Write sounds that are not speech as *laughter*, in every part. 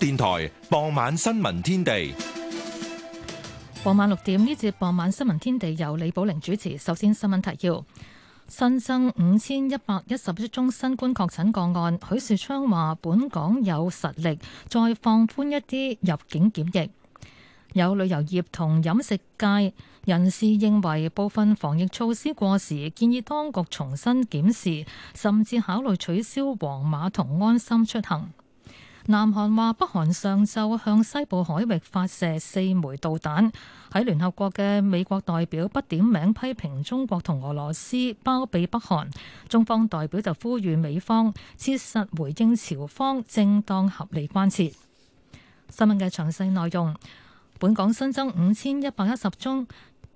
電台傍晚新聞天地，傍晚六點呢節傍晚新聞天地由李寶玲主持。首先新聞提要：新增五千一百一十一宗新冠確診個案。許樹昌話：本港有實力再放寬一啲入境檢疫。有旅遊業同飲食界人士認為部分防疫措施過時，建議當局重新檢視，甚至考慮取消黃碼同安心出行。南韓話北韓上晝向西部海域發射四枚導彈，喺聯合國嘅美國代表不點名批評中國同俄羅斯包庇北韓，中方代表就呼籲美方切實回應朝方正當合理關切。新聞嘅詳細內容，本港新增五千一百一十宗。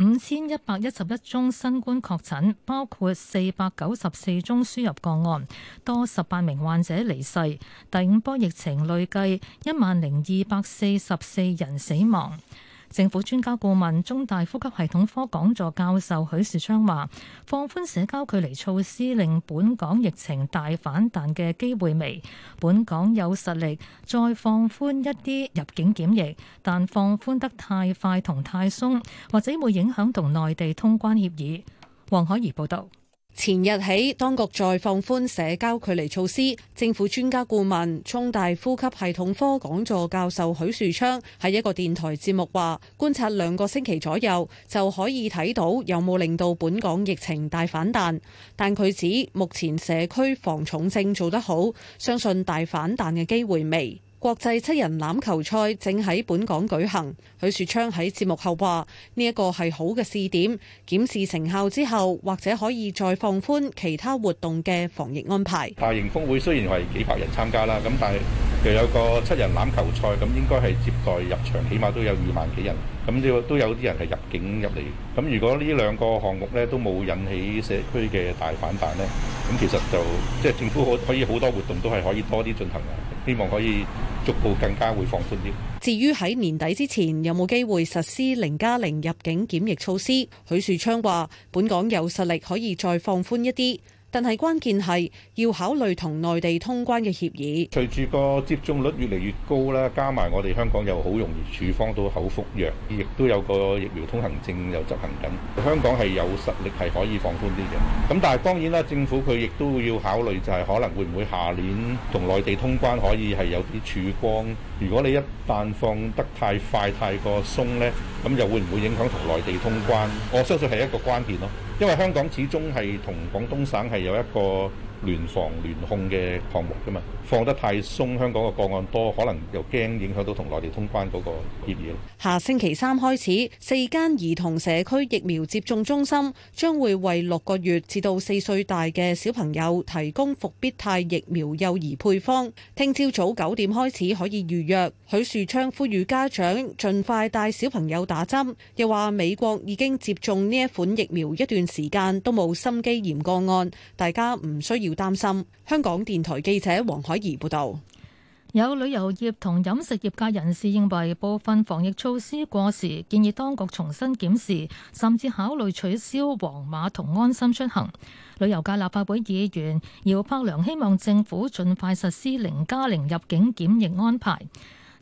五千一百一十一宗新冠確診，包括四百九十四宗輸入個案，多十八名患者離世。第五波疫情累計一萬零二百四十四人死亡。政府專家顧問、中大呼吸系統科講座教授許樹昌話：放寬社交距離措施令本港疫情大反彈嘅機會微，本港有實力再放寬一啲入境檢疫，但放寬得太快同太鬆，或者會影響同內地通關協議。黃海怡報導。前日起，當局再放寬社交距離措施。政府專家顧問、中大呼吸系統科講座教授許樹昌喺一個電台節目話：「觀察兩個星期左右就可以睇到有冇令到本港疫情大反彈。」但佢指，目前社區防重症做得好，相信大反彈嘅機會微。國際七人欖球賽正喺本港舉行，許樹昌喺節目後話：呢一個係好嘅試點，檢視成效之後，或者可以再放寬其他活動嘅防疫安排。大型峰會雖然係幾百人參加啦，咁但係又有個七人欖球賽，咁應該係接待入場，起碼都有二萬幾人。咁就都有啲人係入境入嚟。咁如果呢兩個項目咧都冇引起社區嘅大反彈咧，咁其實就即係政府可可以好多活動都係可以多啲進行，希望可以逐步更加會放寬啲。至於喺年底之前有冇機會實施零加零入境檢疫措施？許樹昌話：本港有實力可以再放寬一啲。但係關鍵係要考慮同內地通關嘅協議，隨住個接種率越嚟越高啦，加埋我哋香港又好容易處方到口服藥，亦都有個疫苗通行證又執行緊。香港係有實力係可以放寬啲嘅。咁但係當然啦，政府佢亦都要考慮就係可能會唔會下年同內地通關可以係有啲曙光。如果你一旦放得太快，太過鬆咧，咁又會唔會影響同內地通關，我相信係一個關鍵咯，因為香港始終係同廣東省係。有一個。聯防聯控嘅項目噶嘛，放得太鬆，香港嘅個案多，可能又驚影響到同內地通關嗰個協議。下星期三開始，四間兒童社區疫苗接種中心將會為六個月至到四歲大嘅小朋友提供復必泰疫苗幼兒配方。聽朝早九點開始可以預約。許樹昌呼籲家長盡快帶小朋友打針，又話美國已經接種呢一款疫苗一段時間都冇心肌炎個案，大家唔需要擔心。香港電台記者黃海怡報道，有旅遊業同飲食業界人士認為部分防疫措施過時，建議當局重新檢視，甚至考慮取消黃碼同安心出行。旅遊界立法會議員姚柏良希望政府盡快實施零加零入境檢疫安排。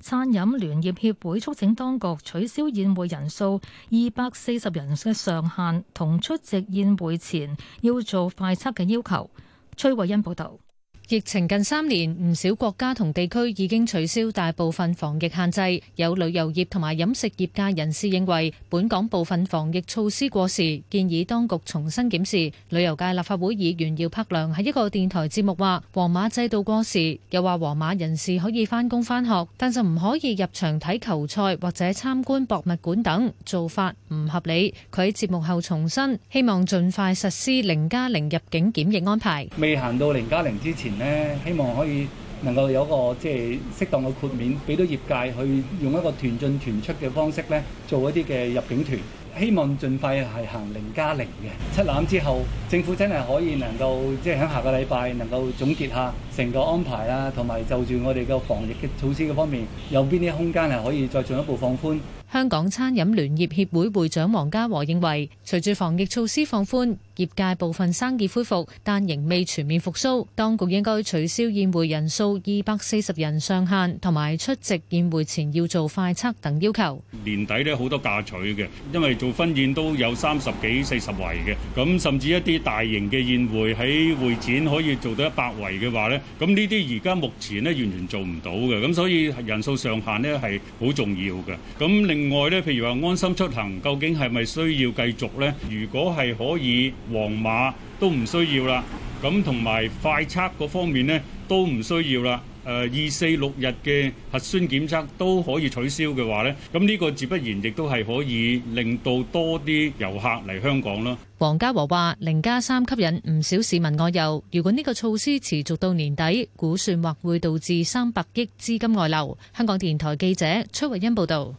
餐飲聯業協會促請當局取消宴會人數二百四十人嘅上限，同出席宴會前要做快測嘅要求。崔慧欣報道。疫情近三年，唔少國家同地區已經取消大部分防疫限制。有旅遊業同埋飲食業界人士認為，本港部分防疫措施過時，建議當局重新檢視。旅遊界立法會議員姚柏良喺一個電台節目話黃碼制度過時，又話黃碼人士可以返工返學，但就唔可以入場睇球賽或者參觀博物館等做法唔合理。佢喺節目後重申，希望盡快實施零加零入境檢疫安排。未行到零加零之前，咧希望可以能夠有一個即係適當嘅豁免，俾到業界去用一個團進團出嘅方式咧，做一啲嘅入境團。希望盡快係行零加零嘅，七欖之後，政府真係可以能夠即係喺下個禮拜能夠總結下成個安排啦，同埋就住我哋嘅防疫嘅措施嘅方面，有邊啲空間係可以再進一步放寬。香港餐飲聯業協會會長黃家和認為，隨住防疫措施放寬，業界部分生意恢復，但仍未全面復甦。當局應該取消宴會人數二百四十人上限，同埋出席宴會前要做快測等要求。年底咧，好多嫁娶嘅，因為做婚宴都有三十幾、四十圍嘅，咁甚至一啲大型嘅宴會喺會展可以做到一百圍嘅話咧，咁呢啲而家目前咧完全做唔到嘅，咁所以人數上限咧係好重要嘅。咁另外咧，譬如話安心出行究竟係咪需要繼續咧？如果係可以。皇馬都唔需要啦，咁同埋快測嗰方面呢都唔需要啦。誒二四六日嘅核酸檢測都可以取消嘅話呢，咁呢個自不然亦都係可以令到多啲遊客嚟香港咯。黃家和話：零加三吸引唔少市民外遊。如果呢個措施持續到年底，估算或會導致三百億資金外流。香港電台記者崔慧欣報道。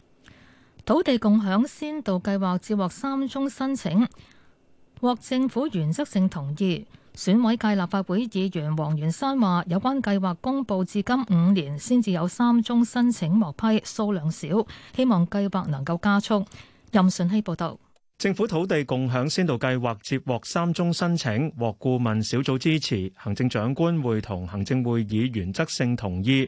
土地共享先導計劃接獲三宗申請。獲政府原則性同意，選委界立法會議員黃元山話：有關計劃公布至今五年，先至有三宗申請獲批，數量少，希望計劃能夠加速。任順熙報導，政府土地共享先導計劃接獲三宗申請，獲顧問小組支持，行政長官會同行政會議原則性同意。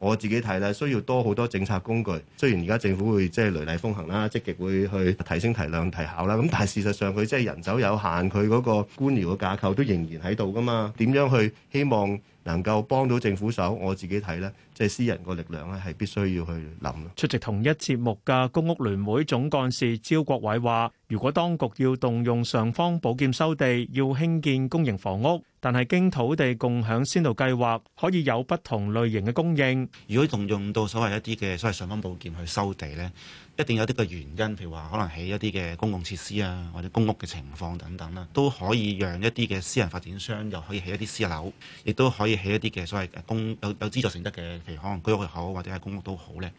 我自己睇咧，需要多好多政策工具。雖然而家政府會即係雷厲風行啦，積極會去提升提量提效啦。咁但係事實上佢即係人手有限，佢嗰個官僚嘅架構都仍然喺度㗎嘛。點樣去希望能夠幫到政府手，我自己睇咧，即係私人個力量咧，係必須要去諗。出席同一節目嘅公屋聯會總幹事招國偉話，如果當局要動用尚方寶劍收地，要興建公營房屋，但係經土地共享先導計劃，可以有不同類型嘅供應。如果動用到所謂一啲嘅所謂尚方寶劍去收地咧？一定有啲嘅原因，譬如話可能起一啲嘅公共設施啊，或者公屋嘅情況等等啦，都可以讓一啲嘅私人發展商又可以起一啲私樓，亦都可以起一啲嘅所謂公有有資助性質嘅，譬如可能居屋又好，或者係公屋都好呢。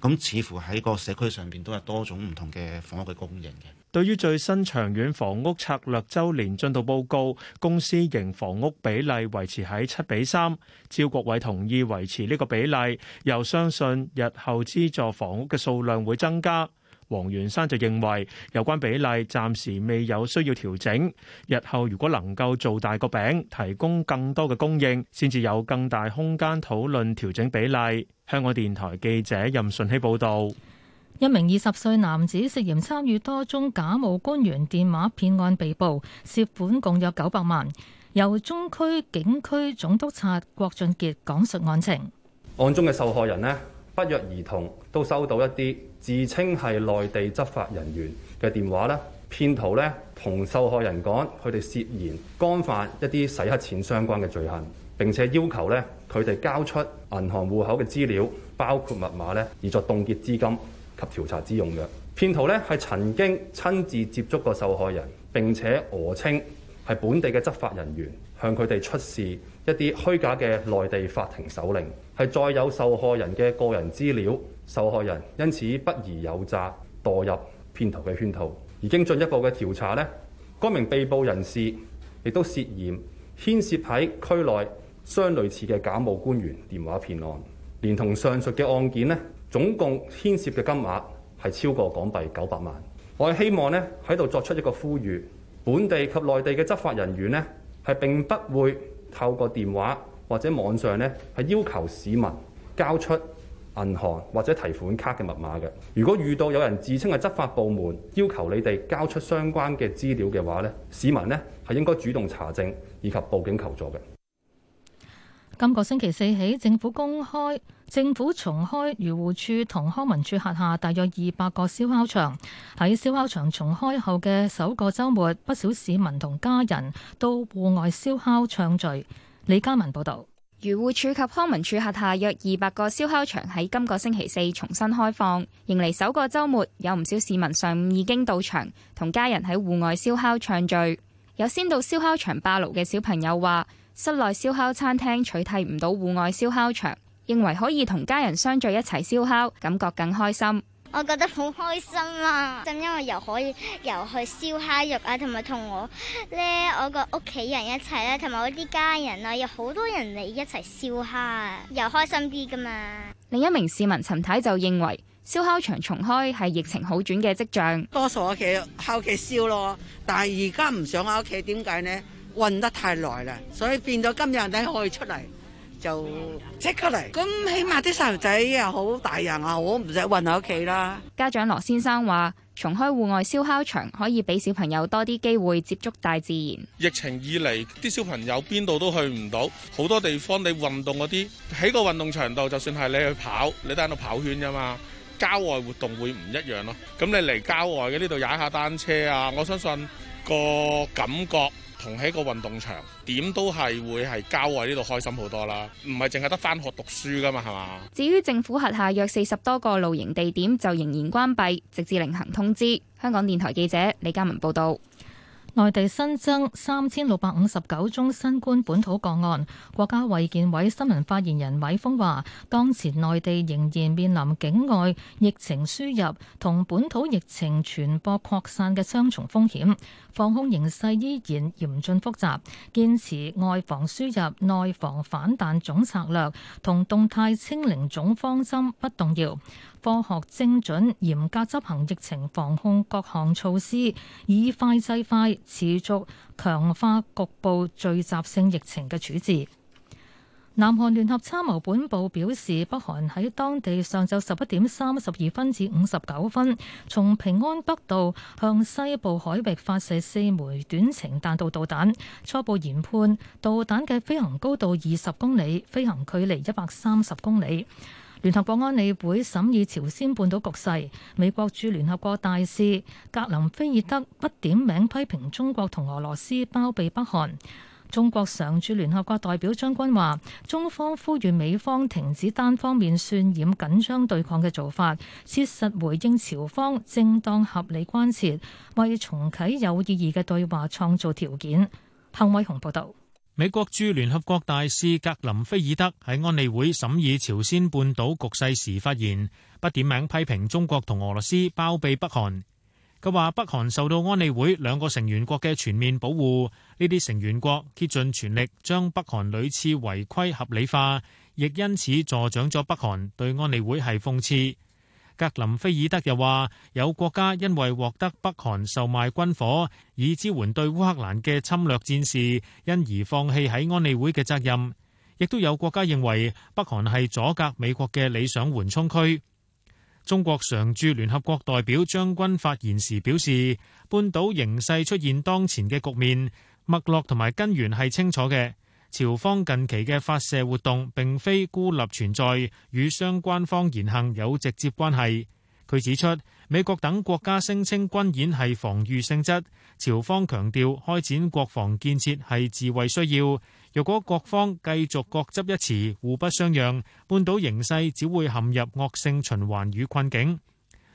咁似乎喺個社區上邊都有多種唔同嘅房屋嘅供應嘅。對於最新長遠房屋策略週年進度報告，公私營房屋比例維持喺七比三。招國偉同意維持呢個比例，又相信日後資助房屋嘅數量會增加。黃元山就認為有關比例暫時未有需要調整，日後如果能夠做大個餅，提供更多嘅供應，先至有更大空間討論調整比例。香港電台記者任順希報道。一名二十歲男子涉嫌參與多宗假冒官員電話騙案被捕，涉款共有九百萬。由中區警區總督察郭俊杰講述案情。案中嘅受害人呢，不約而同都收到一啲自稱係內地執法人員嘅電話呢，騙徒呢同受害人講，佢哋涉嫌干犯一啲洗黑錢相關嘅罪行，並且要求呢，佢哋交出銀行戶口嘅資料，包括密碼呢，以作凍結資金。及調查之用。嘅騙徒咧，係曾經親自接觸過受害人，並且訛稱係本地嘅執法人員，向佢哋出示一啲虛假嘅內地法庭手令，係載有受害人嘅個人資料，受害人因此不疑有詐，墮入騙徒嘅圈套。已經進一步嘅調查呢，該名被捕人士亦都涉嫌牽涉喺區內相類似嘅假冒官員電話騙案，連同上述嘅案件呢。總共牽涉嘅金額係超過港幣九百萬。我係希望呢喺度作出一個呼籲，本地及內地嘅執法人員呢，係並不會透過電話或者網上呢，係要求市民交出銀行或者提款卡嘅密碼嘅。如果遇到有人自稱係執法部門要求你哋交出相關嘅資料嘅話呢，市民呢，係應該主動查證以及報警求助嘅。今個星期四起，政府公開政府重開漁護署同康文署轄下，大約二百個燒烤場。喺燒烤場重開後嘅首個週末，不少市民同家人到戶外燒烤暢聚。李嘉文報道，漁護署及康文署轄下約二百個燒烤場喺今個星期四重新開放，迎嚟首個週末，有唔少市民上午已經到場，同家人喺戶外燒烤暢聚。有先到燒烤場霸爐嘅小朋友話。室內燒烤餐廳取締唔到戶外燒烤場，認為可以同家人相聚一齊燒烤，感覺更開心。我覺得好開心啊！就因為又可以又去燒蝦肉啊，同埋同我咧我個屋企人一齊咧，同埋我啲家人啊，有好多人嚟一齊燒蝦，又開心啲噶嘛。另一名市民陳太太就認為燒烤場重開係疫情好轉嘅跡象。多數我企喺屋企燒咯，但係而家唔想喺屋企，點解呢？運得太耐啦，所以變咗今日你可以出嚟就即刻嚟。咁起碼啲細路仔又好，大人啊，我唔使運喺屋企啦。家長羅先生話，重開戶外燒烤場可以俾小朋友多啲機會接觸大自然。疫情以嚟，啲小朋友邊度都去唔到，好多地方你運動嗰啲喺個運動場度，就算係你去跑，你都喺度跑圈咋嘛。郊外活動會唔一樣咯。咁你嚟郊外嘅呢度踩下單車啊，我相信個感覺。同喺個運動場，點都係會係郊外呢度開心好多啦，唔係淨係得翻學讀書噶嘛，係嘛？至於政府轄下約四十多個露營地點就仍然關閉，直至另行通知。香港電台記者李嘉文報道。內地新增三千六百五十九宗新冠本土個案，國家衛健委新聞發言人米峰話：當前內地仍然面臨境外疫情輸入同本土疫情傳播擴散嘅雙重風險，防控形勢依然嚴峻複雜，堅持外防輸入、內防反彈總策略同動態清零總方針不動搖。科學精準、嚴格執行疫情防控各項措施，以快制快，持續強化局部聚集性疫情嘅處置。南韓聯合參謀本部表示，北韓喺當地上晝十一點三十二分至五十九分，從平安北道向西部海域發射四枚短程彈道導彈。初步研判，導彈嘅飛行高度二十公里，飛行距離一百三十公里。聯合國安理會審議朝鮮半島局勢，美國駐聯合國大使格林菲爾德不點名批評中國同俄羅斯包庇北韓。中國常駐聯合國代表張軍話：中方呼籲美方停止單方面渲染緊張對抗嘅做法，切實回應朝方正當合理關切，為重啟有意義嘅對話創造條件。彭偉雄報道。美國駐聯合國大使格林菲爾德喺安理會審議朝鮮半島局勢時發言，不點名批評中國同俄羅斯包庇北韓。佢話北韓受到安理會兩個成員國嘅全面保護，呢啲成員國竭盡全力將北韓屢次違規合理化，亦因此助長咗北韓對安理會係諷刺。格林菲爾德又話：有國家因為獲得北韓售賣軍火以支援對烏克蘭嘅侵略戰事，因而放棄喺安理會嘅責任。亦都有國家認為北韓係阻隔美國嘅理想緩衝區。中國常駐聯合國代表張軍發言時表示：半島形勢出現當前嘅局面，脈絡同埋根源係清楚嘅。朝方近期嘅發射活動並非孤立存在，與相關方言行有直接關係。佢指出，美國等國家聲稱軍演係防禦性質，朝方強調開展國防建設係自衛需要。若果各方繼續各執一詞互不相讓，半島形勢只會陷入惡性循環與困境。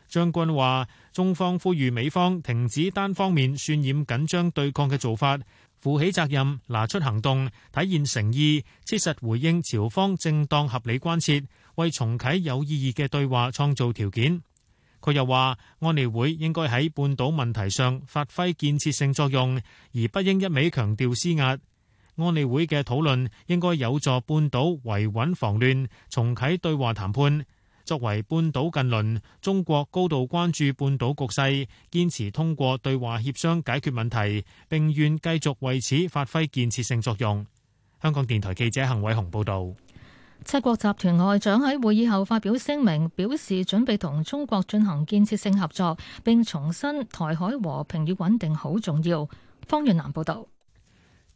張軍話，：中方呼籲美方停止單方面渲染緊，緊張對抗嘅做法。負起責任，拿出行動，體現誠意，切實回應朝方正當合理關切，為重啟有意義嘅對話創造條件。佢又話，安理會應該喺半島問題上發揮建設性作用，而不應一味強調施壓。安理會嘅討論應該有助半島維穩防亂，重啟對話談判。作為半島近鄰，中國高度關注半島局勢，堅持通過對話協商解決問題，並願繼續為此發揮建設性作用。香港電台記者邢偉雄報道。七國集團外長喺會議後發表聲明，表示準備同中國進行建設性合作，並重申台海和平與穩定好重要。方潤南報道。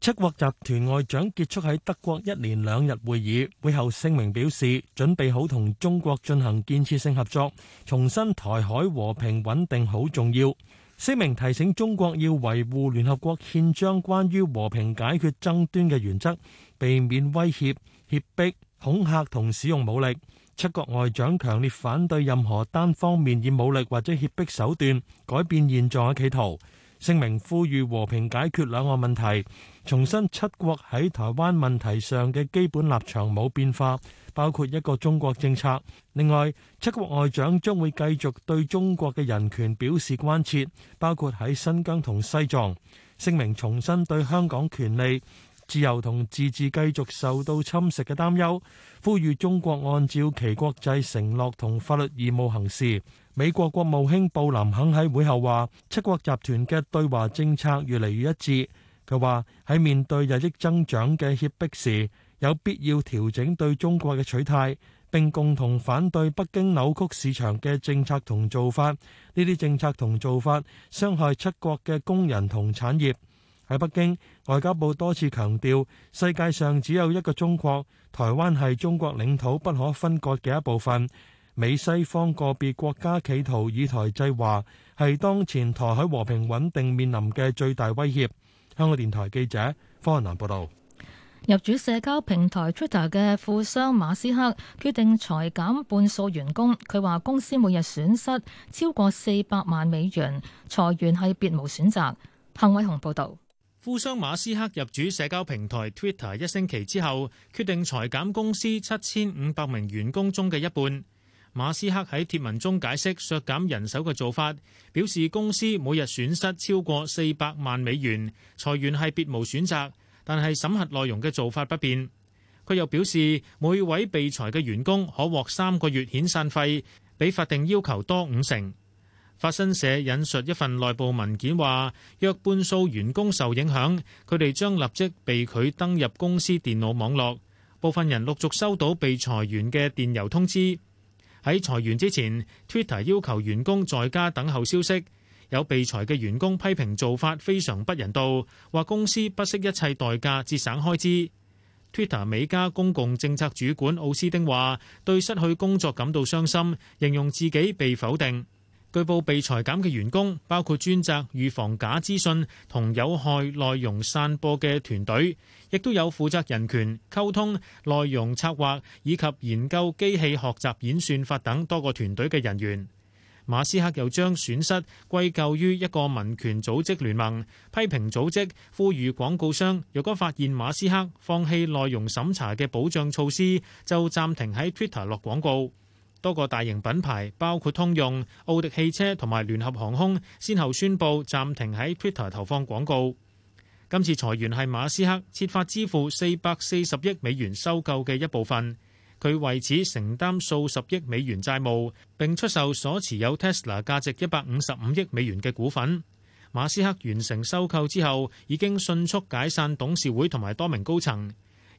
七國集團外長結束喺德國一連兩日會議，會後聲明表示準備好同中國進行建設性合作，重申台海和平穩定好重要。聲明提醒中國要維護聯合國憲章關於和平解決爭端嘅原則，避免威脅、脅迫、恐嚇同使用武力。七國外長強烈反對任何單方面以武力或者脅迫手段改變現狀嘅企圖。聲明呼籲和平解決兩岸問題，重申七國喺台灣問題上嘅基本立場冇變化，包括一個中國政策。另外，七國外長將會繼續對中國嘅人權表示關切，包括喺新疆同西藏。聲明重申對香港權利、自由同自治繼續受到侵蝕嘅擔憂，呼籲中國按照其國際承諾同法律義務行事。美國國務卿布林肯喺會後話：七國集團嘅對華政策越嚟越一致。佢話喺面對日益增長嘅脅迫時，有必要調整對中國嘅取態，並共同反對北京扭曲市場嘅政策同做法。呢啲政策同做法傷害七國嘅工人同產業。喺北京，外交部多次強調：世界上只有一個中國，台灣係中國領土不可分割嘅一部分。美西方個別國家企圖以台制華，係當前台海和平穩定面臨嘅最大威脅。香港電台記者方雲南報道。入主社交平台 Twitter 嘅富商馬斯克決定裁減半數員工，佢話公司每日損失超過四百萬美元，裁員係別無選擇。彭偉雄報導。富商馬斯克入主社交平台 Twitter 一星期之後，決定裁減公司七千五百名員工中嘅一半。馬斯克喺貼文中解釋削減人手嘅做法，表示公司每日損失超過四百萬美元，裁員係別無選擇。但係審核內容嘅做法不變。佢又表示，每位被裁嘅員工可獲三個月遣散費，比法定要求多五成。法新社引述一份內部文件話，約半數員工受影響，佢哋將立即被拒登入公司電腦網絡。部分人陸續收到被裁員嘅電郵通知。喺裁員之前，Twitter 要求員工在家等候消息。有被裁嘅員工批評做法非常不人道，話公司不惜一切代價節省開支。Twitter 美加公共政策主管奧斯丁話：對失去工作感到傷心，形容自己被否定。據報被裁減嘅員工包括專責預防假資訊同有害內容散播嘅團隊，亦都有負責人權、溝通、內容策劃以及研究機器學習演算法等多個團隊嘅人員。馬斯克又將損失歸咎於一個民權組織聯盟，批評組織，呼籲廣告商若果發現馬斯克放棄內容審查嘅保障措施，就暫停喺 Twitter 落廣告。多個大型品牌，包括通用、奧迪汽車同埋聯合航空，先後宣布暫停喺 Twitter 投放廣告。今次裁員係馬斯克設法支付四百四十億美元收購嘅一部分，佢為此承擔數十億美元債務，並出售所持有 Tesla 價值一百五十五億美元嘅股份。馬斯克完成收購之後，已經迅速解散董事會同埋多名高層。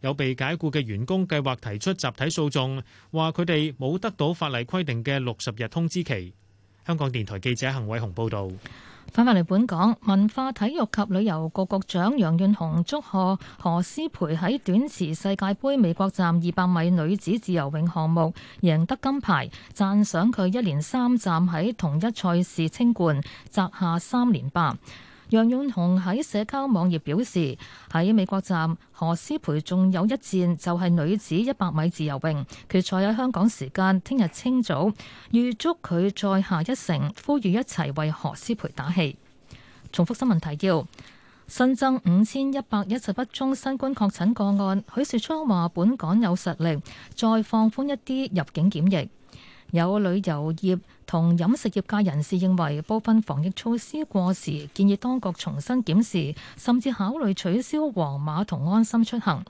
有被解雇嘅員工計劃提出集體訴訟，話佢哋冇得到法例規定嘅六十日通知期。香港電台記者恆偉雄報導。翻返嚟本港，文化體育及旅遊局局長楊潤雄祝賀何詩蓓喺短池世界盃美國站二百米女子自由泳項目贏得金牌，讚賞佢一連三站喺同一賽事稱冠，摘下三連霸。楊潤雄喺社交網頁表示，喺美國站，何詩蓓仲有一戰，就係女子一百米自由泳決賽，喺香港時間聽日清早。預祝佢再下一城，呼籲一齊為何詩蓓打氣。重複新聞提要，新增五千一百一十一宗新冠確診個案。許樹昌話，本港有實力再放寬一啲入境檢疫。有旅遊業同飲食業界人士認為部分防疫措施過時，建議當局重新檢視，甚至考慮取消黃碼同安心出行。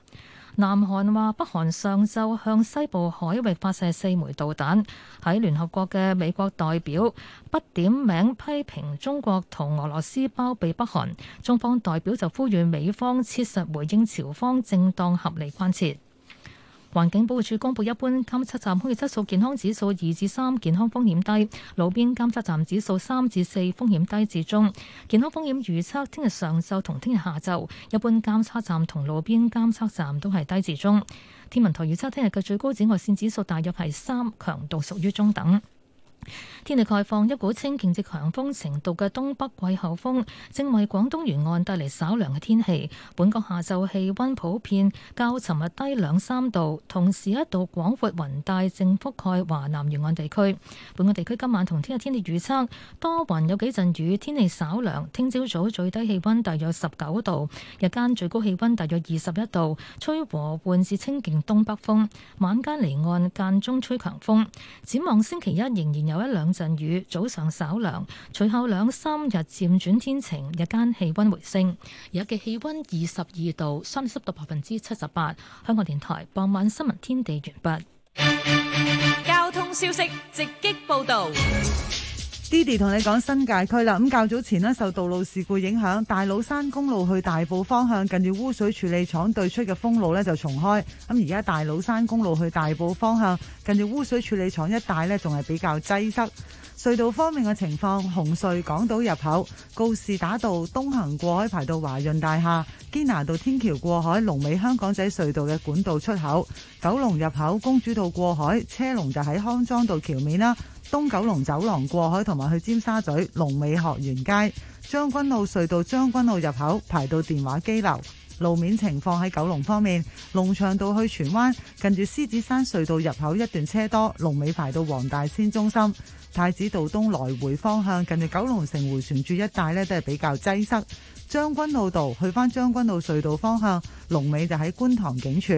南韓話北韓上晝向西部海域發射四枚導彈。喺聯合國嘅美國代表不點名批評中國同俄羅斯包庇北韓，中方代表就呼籲美方切實回應朝方正當合理關切。環境保護署公布，一般監測站空氣質素健康指數二至三，健康風險低；路邊監測站指數三至四，風險低至中。健康風險預測：聽日上晝同聽日下晝，一般監測站同路邊監測站都係低至中。天文台預測聽日嘅最高紫外線指數大約係三，強度屬於中等。天氣概況：一股清勁至強風程度嘅東北季候風，正為廣東沿岸帶嚟稍涼嘅天氣。本港下晝氣溫普遍較尋日低兩三度，同時一度廣闊雲帶正覆蓋華南沿岸地區。本港地區今晚同聽日天氣預測，多雲有幾陣雨，天氣稍涼。聽朝早，早最低氣溫大約十九度，日間最高氣溫大約二十一度，吹和緩至清勁東北風。晚間離岸間中吹強風。展望星期一仍然有有一兩陣雨，早上稍涼，隨後兩三日漸轉天晴，日間氣溫回升，日嘅氣溫二十二度，相對濕度百分之七十八。香港電台傍晚新聞天地完畢。交通消息直擊報道。Didi 同你講新界區啦，咁較早前呢，受道路事故影響，大老山公路去大埔方向近住污水處理廠對出嘅封路呢就重開，咁而家大老山公路去大埔方向近住污水處理廠一帶呢，仲係比較擠塞。隧道方面嘅情況，紅隧港島入口、告士打道東行過海排到華潤大廈、堅拿道天橋過海、龍尾香港仔隧道嘅管道出口、九龍入口公主道過海車龍就喺康莊道橋面啦。東九龍走廊過海同埋去尖沙咀、龍尾學園街、將軍澳隧道將軍澳入口排到電話機樓。路面情況喺九龍方面，龍翔道去荃灣近住獅子山隧道入口一段車多，龍尾排到黃大仙中心。太子道東來回方向近住九龍城回旋處一帶呢，都係比較擠塞，將軍澳道去翻將軍澳隧道方向。龍尾就喺觀塘警署、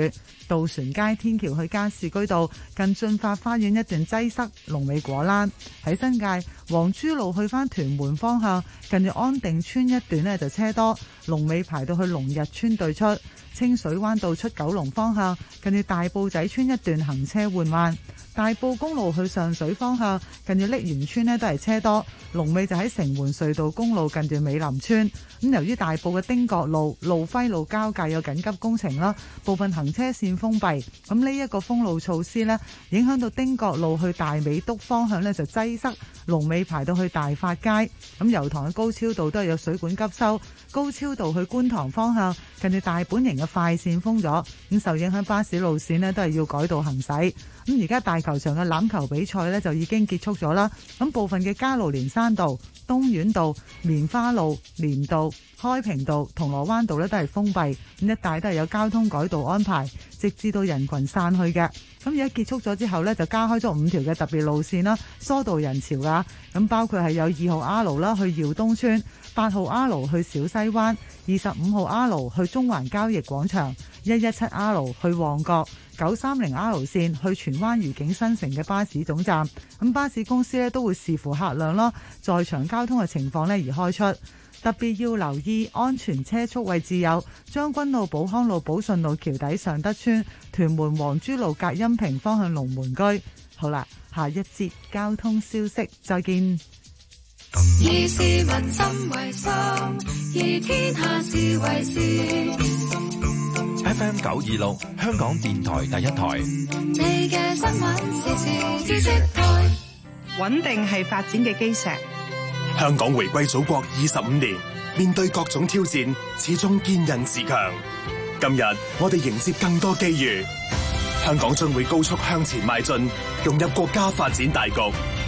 渡船街天橋去嘉士居道、近駿發花園一段擠塞，龍尾果欄喺新界皇珠路去返屯門方向，近住安定村一段呢就車多，龍尾排到去龍日村對出清水灣道出九龍方向，近住大埔仔村一段行車緩慢。大埔公路去上水方向，近住瀝源村呢都係車多。龍尾就喺城門隧道公路近住美林村。咁由於大埔嘅丁角路、路輝路交界有緊急工程啦，部分行車線封閉，咁呢一個封路措施呢影響到丁角路去大美督方向呢就擠塞，龍尾排到去大發街。咁油塘嘅高超道都係有水管急修，高超道去觀塘方向，近住大本型嘅快線封咗。咁受影響巴士路線呢都係要改道行駛。咁而家大球場嘅欖球比賽咧就已經結束咗啦。咁部分嘅加路連山道、東院道、棉花路、連道、開平道、銅鑼灣道咧都係封閉，咁一帶都係有交通改道安排，直至到人群散去嘅。咁而家結束咗之後呢就加開咗五條嘅特別路線啦，疏導人潮噶。咁包括係有二號 R 路啦，去耀東村；八號 R 路去小西灣；二十五號 R 路去中環交易廣場；一一七 R 路去旺角；九三零 R 線去荃灣愉景新城嘅巴士總站。咁巴士公司呢都會視乎客量囉，在場交通嘅情況呢而開出。特別要留意安全車速位置有將軍澳、寶康路、寶順路、橋底上德村、屯門黃珠路、隔音屏方向龍門居。好啦，下一節交通消息，再見。以市民心為心，以天下事為事。F M 九二六，26, 香港電台第一台。 *music* 你嘅新聞時事知識台，穩 *music* 定係發展嘅基石。香港回歸祖國二十五年，面對各種挑戰，始終堅韌自強。今日我哋迎接更多機遇，香港將會高速向前邁進，融入國家發展大局，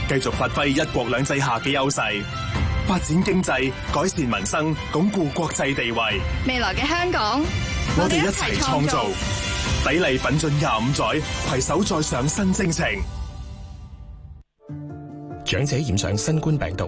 繼續發揮一國兩制下嘅優勢，發展經濟，改善民生，鞏固國際地位。未來嘅香港，我哋一齊創造，砥礪奮進廿五載，携手再上新征程。長者染上新冠病毒。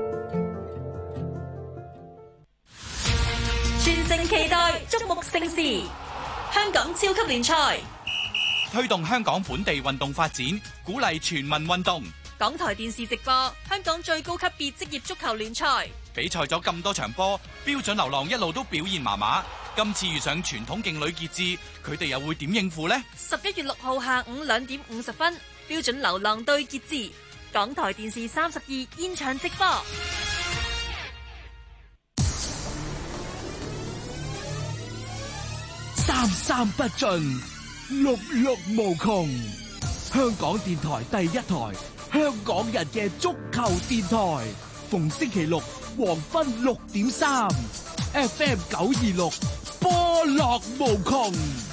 香港超級聯賽推動香港本地運動發展，鼓勵全民運動。港台電視直播香港最高級別職業足球聯賽。比賽咗咁多場波，標準流浪一路都表現麻麻。今次遇上傳統勁女傑志，佢哋又會點應付呢？十一月六號下午兩點五十分，標準流浪對傑志，港台電視三十二現場直播。三三不盡，六六無窮。香港電台第一台，香港人嘅足球電台，逢星期六黃昏六點三，FM 九二六，波樂無窮。